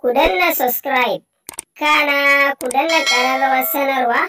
ku danna subscribe kana ku danna ƙararrawar sanarwa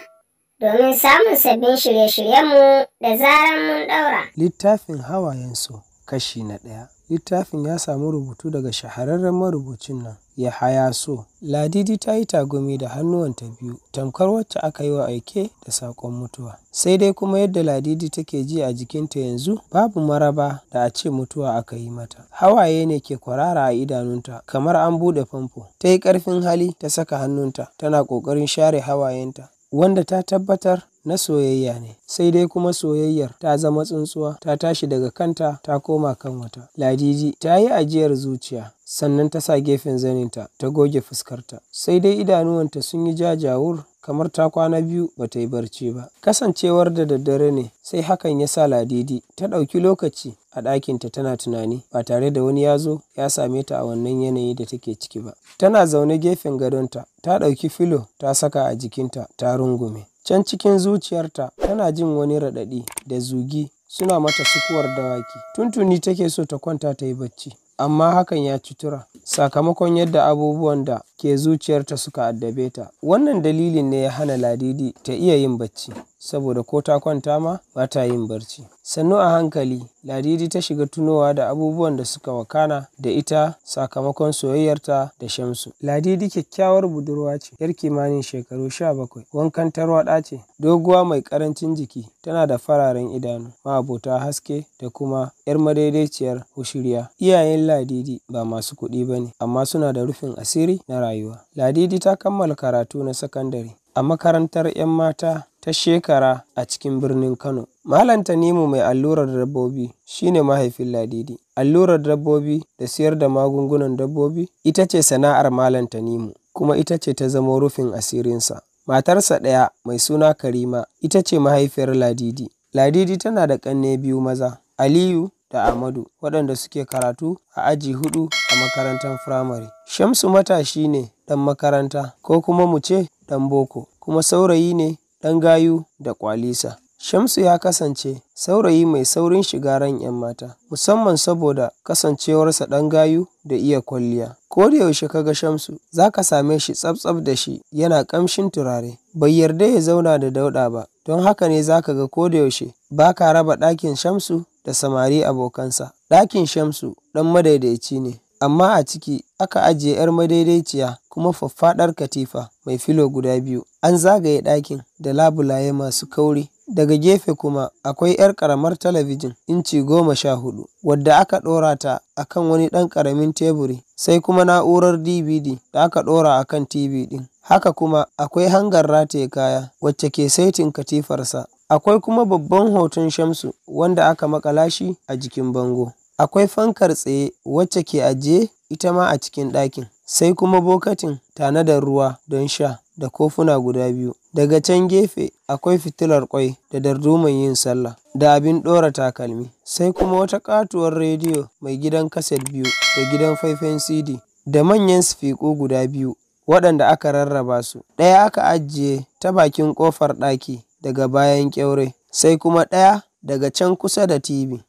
domin samun sabbin shirye-shiryenmu da zarar mun ɗaura. Littafin hawayensu kashi na ɗaya. Littafin ya samu rubutu daga shahararren marubucin nan Yahaya So. Ladidi ta yi tagumi da hannuwanta biyu tamkar wacce aka yi wa aike da saƙon mutuwa. Sai dai kuma yadda Ladidi take ji a jikinta yanzu babu maraba da a ce mutuwa aka yi mata. Hawaye ne ke kwarara a idanunta kamar an buɗe famfo. Ta yi ƙarfin hali ta saka hannunta tana ƙoƙarin share hawayenta wanda ta tabbatar na soyayya ne, sai dai kuma soyayyar ta zama tsuntsuwa ta tashi daga kanta ta koma kan wata. Ladidi ta yi ajiyar zuciya sannan ta sa gefen zaninta ta goge fuskarta, sai dai idanuwanta sun yi jajawur kamar ta kwana biyu ba ta yi barci ba. Kasancewar da daddare ne sai hakan ya sa Ladidi ta ɗauki lokaci a ɗakinta tana tunani ba tare da wani ya zo ya same ta a wannan yanayi da take ciki ba. Tana zaune gefen gadonta ta ɗauki filo ta saka a jikinta ta rungume. Can cikin zuciyarta tana jin wani raɗaɗi da zugi suna mata sukuwar dawaki. Tuntuni take so ta kwanta ta yi bacci, amma hakan ya ci tura, sakamakon yadda abubuwan da ke zuciyarta suka addabe ta wannan dalilin ne ya hana ladidi ta iya yin bacci saboda ko ta kwanta ma ba ta yin barci sannu a hankali ladidi ta shiga tunowa da abubuwan da suka wakana da ita sakamakon soyayyarta da shamsu ladidi kyakkyawar budurwa ce yar kimanin shekaru sha bakwai wankan tarwaɗa ce doguwa mai karancin jiki tana da fararen idanu ma'abota haske da kuma yar madaidaiciyar hushiriya iyayen ladidi ba masu kuɗi ba ne amma suna da rufin asiri na rayuwa rayuwa. Ladidi ta kammala karatu na sakandare a makarantar 'yan mata ta Shekara a cikin birnin Kano. Malam Tanimu mai allurar dabbobi shine mahaifin Ladidi. Allurar dabbobi da siyar da magungunan dabbobi ita ce sana'ar Malam Tanimu kuma ita ce ta zamo rufin asirinsa. Matarsa ɗaya mai suna Karima ita ce mahaifiyar Ladidi. Ladidi tana da ƙanne biyu maza, Aliyu da Amadu waɗanda suke karatu a aji hudu a makarantar firamare. Shamsu matashi ne ɗan makaranta ko kuma mu ce ɗan boko, kuma saurayi ne ɗan gayu da kwalisa. Shamsu ya kasance saurayi mai saurin shiga ran 'yan mata, musamman saboda kasancewarsa ɗan gayu da iya kwalliya. Ko da yaushe ka ga Shamsu, za ka same shi tsabtsab da shi yana ƙamshin turare. Bai yarda ya zauna da dauɗa ba, don haka ne za ka ga ko da yaushe ba ka raba ɗakin Shamsu da samari abokansa. Ɗakin Shamsu ɗan madaidaici ne, amma a ciki aka ajiye 'yar madaidaiciya kuma faffaɗar katifa mai filo guda biyu. An zagaye ɗakin da labulaye masu kauri. Daga gefe kuma akwai 'yar ƙaramar talabijin inci goma sha hudu wadda aka ɗora ta a kan wani ɗan ƙaramin teburi sai kuma na'urar DVD da aka ɗora a kan TV ɗin. Haka kuma akwai hangar rataye kaya wacce ke saitin katifarsa. Akwai kuma babban hoton Shamsu wanda aka maƙala shi a jikin bango. Akwai fankar tsaye wacce ke ajiye ita ma a cikin ɗakin, sai kuma tana da ruwa don sha da kofuna guda biyu. Daga can gefe akwai fitilar kwai da darduman yin sallah da abin ɗora takalmi, sai kuma wata katuwar rediyo mai gidan kaset biyu da gidan faifen CD da manyan sifiku guda biyu waɗanda aka rarraba su, ɗaya aka ajiye ta bakin ƙofar ɗaki. daga bayan ƙyaure sai kuma ɗaya daga can kusa da TV.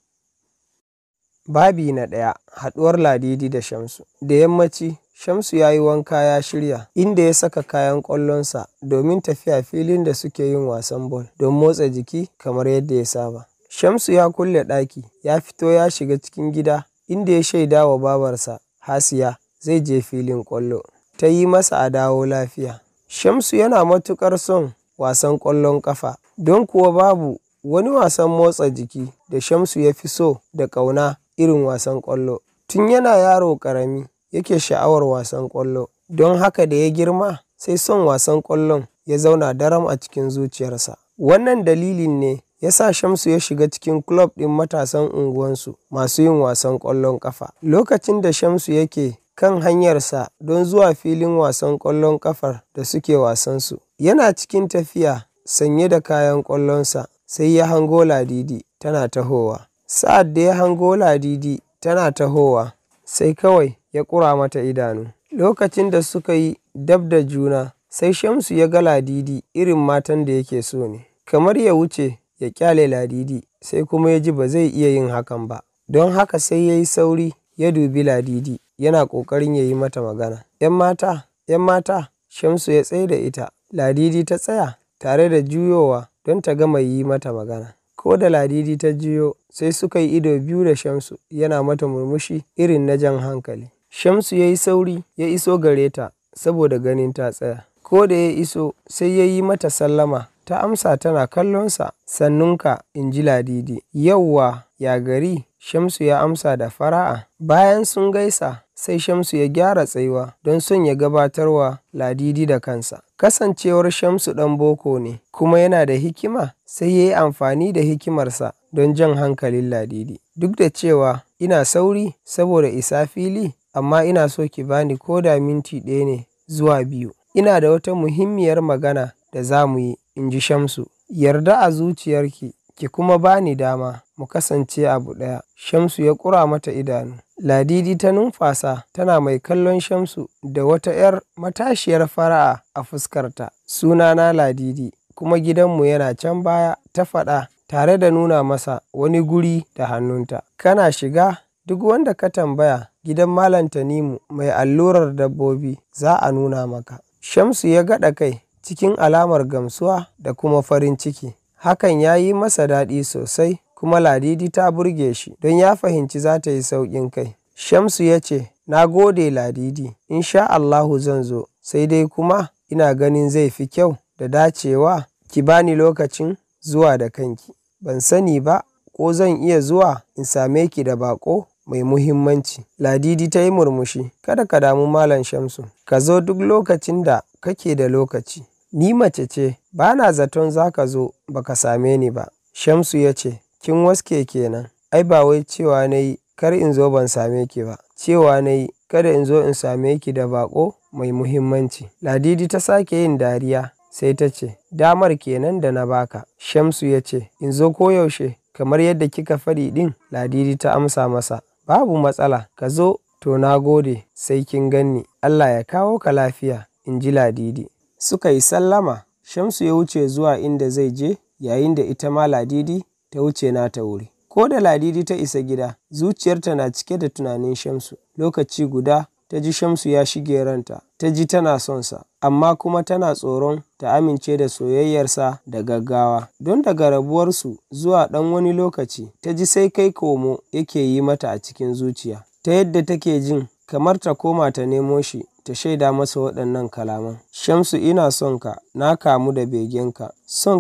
Babi na ɗaya haɗuwar Ladidi da Shamsu. Da yammaci, Shamsu ya yi wanka ya shirya, inda ya saka kayan ƙwallonsa domin tafiya filin da suke yin wasan bol don motsa jiki kamar yadda ya saba. Shamsu ya kulle ɗaki, ya fito ya shiga cikin gida, inda ya shaida wa babarsa, Hasiya, zai je filin ƙwallo. Ta yi masa a dawo lafiya. Shamsu yana matuƙar son wasan ƙwallon ƙafa, don kuwa babu wani wasan motsa jiki da Shamsu ya fi so da ƙauna irin wasan ƙwallo. Tun yana yaro ƙarami yake sha'awar wasan ƙwallo, don haka da ya girma sai son wasan ƙwallon ya zauna daram a cikin zuciyarsa. Wannan dalilin ne ya sa Shamsu ya shiga cikin kulob ɗin matasan unguwansu masu yin wasan ƙwallon ƙafa. Lokacin da Shamsu yake kan hanyarsa don zuwa filin wasan ƙwallon ƙafar da suke wasansu, Yana cikin tafiya sanye da kayan ƙwallonsa, sai ya hango Ladidi tana tahowa. Sa'ad da ya hango Ladidi tana tahowa, sai kawai ya ƙura mata idanu. Lokacin da suka yi dab da juna, sai Shamsu ya ga Ladidi irin matan da yake so ne, kamar ya wuce ya ƙyale Ladidi sai kuma ya ji ba zai iya yin hakan ba, don haka sai ya yi sauri ya dubi Ladidi yana ƙoƙarin ya yi mata magana. ‘Yan mata, ‘yan mata! Shamsu ya tsaye da ita. Ladidi ta tsaya, tare da juyowa don ta gama yi mata magana. Ko da Ladidi ta juyo, sai suka yi ido biyu da Shamsu yana mata murmushi irin na jan hankali. Shamsu ya yi sauri ya iso gare ta saboda ganin ta tsaya. Ko da ya iso, sai ya yi mata sallama, ta amsa tana kallonsa. Sannunka, in ji Ladidi. Yawwa Ya gari? Shamsu ya amsa da fara'a. Bayan sun gaisa, sai Shamsu ya gyara tsayuwa don son ya gabatar wa Ladidi da kansa. Kasancewar Shamsu ɗan boko ne kuma yana da hikima, sai ya yi amfani da hikimarsa don jan hankalin Ladidi. Duk da cewa ina sauri saboda isa fili, amma ina so ki bani ko da minti ɗaya ne zuwa biyu. Ina da wata muhimmiyar magana da za mu yi, in ji Shamsu. Yarda a zuciyarki ki kuma bani dama mu kasance abu ɗaya. Shamsu ya ƙura mata idanu. Ladidi ta numfasa tana mai kallon Shamsu da wata 'yar matashiyar fara'a a fuskarta. Suna na Ladidi kuma gidanmu yana can baya ta faɗa tare da nuna masa wani guri da hannunta. Kana shiga duk wanda ka tambaya gidan Malam Tanimu mai allurar dabbobi za a nuna maka. Shamsu ya gaɗa kai cikin alamar gamsuwa da kuma farin ciki. Hakan ya yi masa daɗi sosai kuma Ladidi ta burge shi don ya fahimci za ta yi sauƙin kai. Shamsu ya ce, Na gode Ladidi, sha Allahu zan zo, sai dai kuma ina ganin zai fi kyau da dacewa ki bani lokacin zuwa da kanki. Ban sani ba ko zan iya zuwa in same ki da bako mai muhimmanci. Ladidi ta yi murmushi, Kada ka damu Malam Shamsu, ka zo duk lokacin da kake da lokaci. Ni mace ce, ba na zaton za ka zo ba ka same ni ba, Shamsu ya ce, Kin waske kenan. ai ba wai cewa na yi kar in zo ban same ki ba, cewa na yi kada in zo in same ki da baƙo mai muhimmanci. Ladidi ta sake yin dariya sai ta ce, Damar kenan da na baka. Shamsu ya ce, In zo koyaushe, kamar yadda kika faɗi ɗin, Ladidi ta amsa masa, Babu matsala, ka zo, to na gode, sai kin ganni, Allah ya kawo ka lafiya, in ji Ladidi. Suka yi sallama, Shamsu ya wuce zuwa inda zai je yayin da ita ma Ladidi ta wuce nata wuri. Ko da Ladidi ta isa gida, zuciyarta na cike da tunanin Shamsu. Lokaci guda ta ji Shamsu ya shige ranta, ta ji tana son sa amma kuma tana tsoron ta amince da soyayyarsa da gaggawa. Don daga rabuwarsu zuwa ɗan wani lokaci, ta ji sai kai komo yake yi mata a cikin zuciya, ta yadda take jin Kamar ta koma ta nemo shi ta shaida masa waɗannan kalaman, Shamsu ina son ka, na kamu da begenka,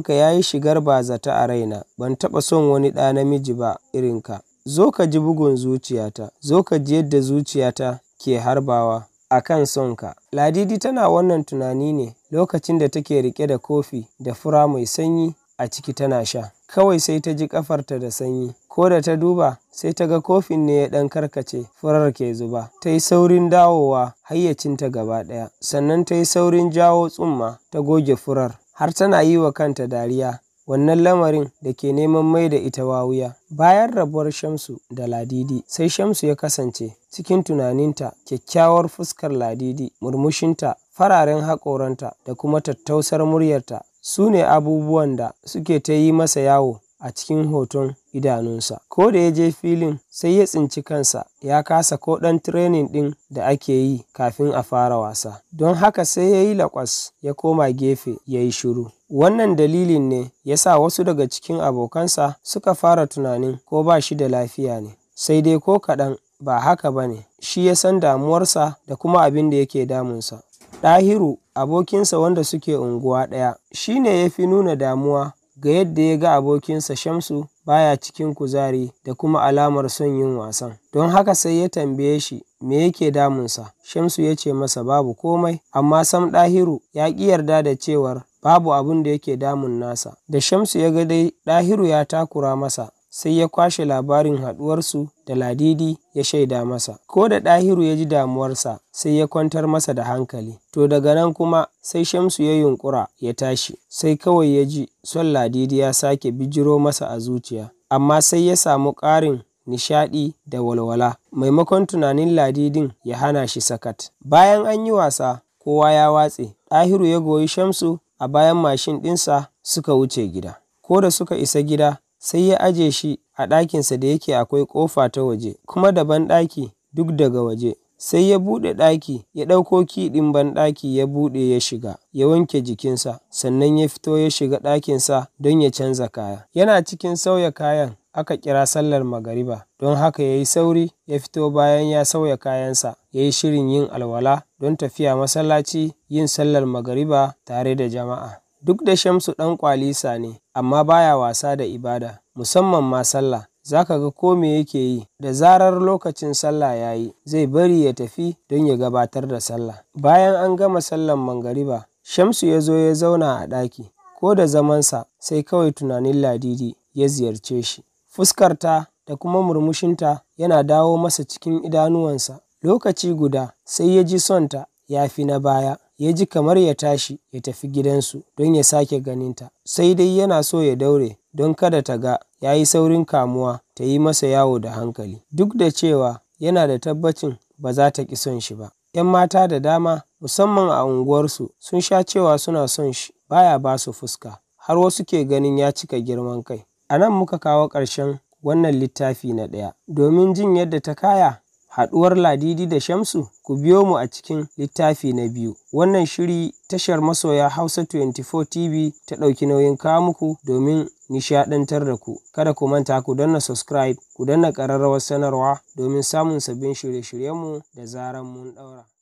ka ya yi shigar bazata a raina, ban taɓa son wani ɗa namiji ba irin ka. zo ka ji bugun zuciyata, zo ka ji yadda zuciyata ke harbawa a kan son ka. Ladidi tana wannan tunani ne lokacin da take riƙe da kofi da fura mai sanyi a ciki tana sha, kawai sai ta ji ƙafarta da sanyi. ko da ta duba sai ta ga kofin ne ya ɗan karkace furar ke zuba ta yi saurin dawowa hayyacinta gaba ɗaya sannan ta yi saurin jawo tsumma ta goge furar har tana yi wa kanta dariya wannan lamarin da ke neman mai da ita wawuya bayan rabuwar shamsu da ladidi sai shamsu ya kasance cikin tunaninta kyakkyawar fuskar ladidi murmushinta fararen haƙoranta da kuma tattausar muryarta su ne abubuwan da suke ta yi masa yawo a cikin hoton idanunsa. Ko da ya je filin sai ya tsinci kansa ya kasa ko ɗan tirenin ɗin da ake yi kafin a fara wasa, don haka sai ya yi laƙwas ya koma gefe ya yi shiru. Wannan dalilin ne ya sa wasu daga cikin abokansa suka fara tunanin ko ba shi da lafiya ne, sai dai ko kaɗan ba haka ba ne, shi ya san damuwarsa da kuma abin da yake damunsa. Ɗahiru abokinsa wanda suke unguwa ɗaya shi ne ya fi nuna damuwa ga yadda ya ga abokinsa Shamsu baya cikin kuzari da kuma alamar son yin wasan, don haka sai ya tambaye shi me yake damunsa, Shamsu ya ce masa babu komai, amma sam Ɗahiru ya ƙi yarda da cewar babu abin da yake damun nasa, da Shamsu ya ga dai Ɗahiru ya takura masa sai ya kwashe labarin haɗuwarsu da Ladidi ya shaida masa. Ko da Ɗahiru ya ji damuwarsa sai ya kwantar masa da hankali. To daga nan kuma sai Shamsu ya yunƙura ya tashi, sai kawai ya ji son Ladidi ya sake bijiro masa a zuciya. Amma sai ya samu ƙarin nishaɗi da walwala, maimakon tunanin Ladidin ya hana shi sakat. Bayan an yi wasa, kowa ya watse, Ɗahiru ya goyi Shamsu a bayan mashin ɗinsa suka wuce gida. Ko da suka isa gida, sai ya aje shi a ɗakinsa da yake akwai ƙofa ta waje kuma da banɗaki duk daga waje. sai ya buɗe ɗaki ya ɗauko kiɗin banɗaki ya buɗe ya shiga ya wanke jikinsa sannan ya fito ya shiga ɗakinsa don ya canza kaya yana cikin sauya kayan aka kira sallar magariba don haka ya yi sauri ya fito bayan ya sauya kayansa ya yi shirin yin alwala don tafiya masallaci yin sallar magariba tare da jama'a Duk da Shamsu ɗan ƙwalisa ne, amma baya wasa da ibada, musamman ma sallah, za ka ga ko me yake yi, da zarar lokacin sallah ya yi, zai bari ya tafi don ya gabatar da sallah. Bayan an gama sallar mangariba, Shamsu ya zo ya zauna a ɗaki, ko da zamansa sai kawai tunanin Ladidi ya ziyarce shi. Fuskarta da kuma murmushinta yana dawo masa cikin idanuwansa, lokaci guda sai ya ji sonta ya fi na baya. ya ji kamar ya tashi ya tafi gidansu don ya sake ganinta sai dai yana so ya daure don kada ta ga ya yi saurin kamuwa ta yi masa yawo da hankali duk da cewa yana da tabbacin ba za ta ƙi son shi ba 'yan mata da dama musamman a unguwarsu sun sha cewa suna son shi baya ba su fuska har wasu ke ganin ya cika girman kai a nan muka kawo ƙarshen wannan littafi na ɗaya domin jin yadda ta kaya haɗuwar Ladidi da Shamsu, ku biyo mu a cikin littafi na biyu. Wannan shiri tashar masoya Hausa 24 TV ta ɗauki nauyin kawo muku domin nishaɗantar da ku. Kada ku manta ku danna subscribe, ku danna ƙararrawar sanarwa domin samun sabbin shirye-shiryenmu da zaran mun ɗaura.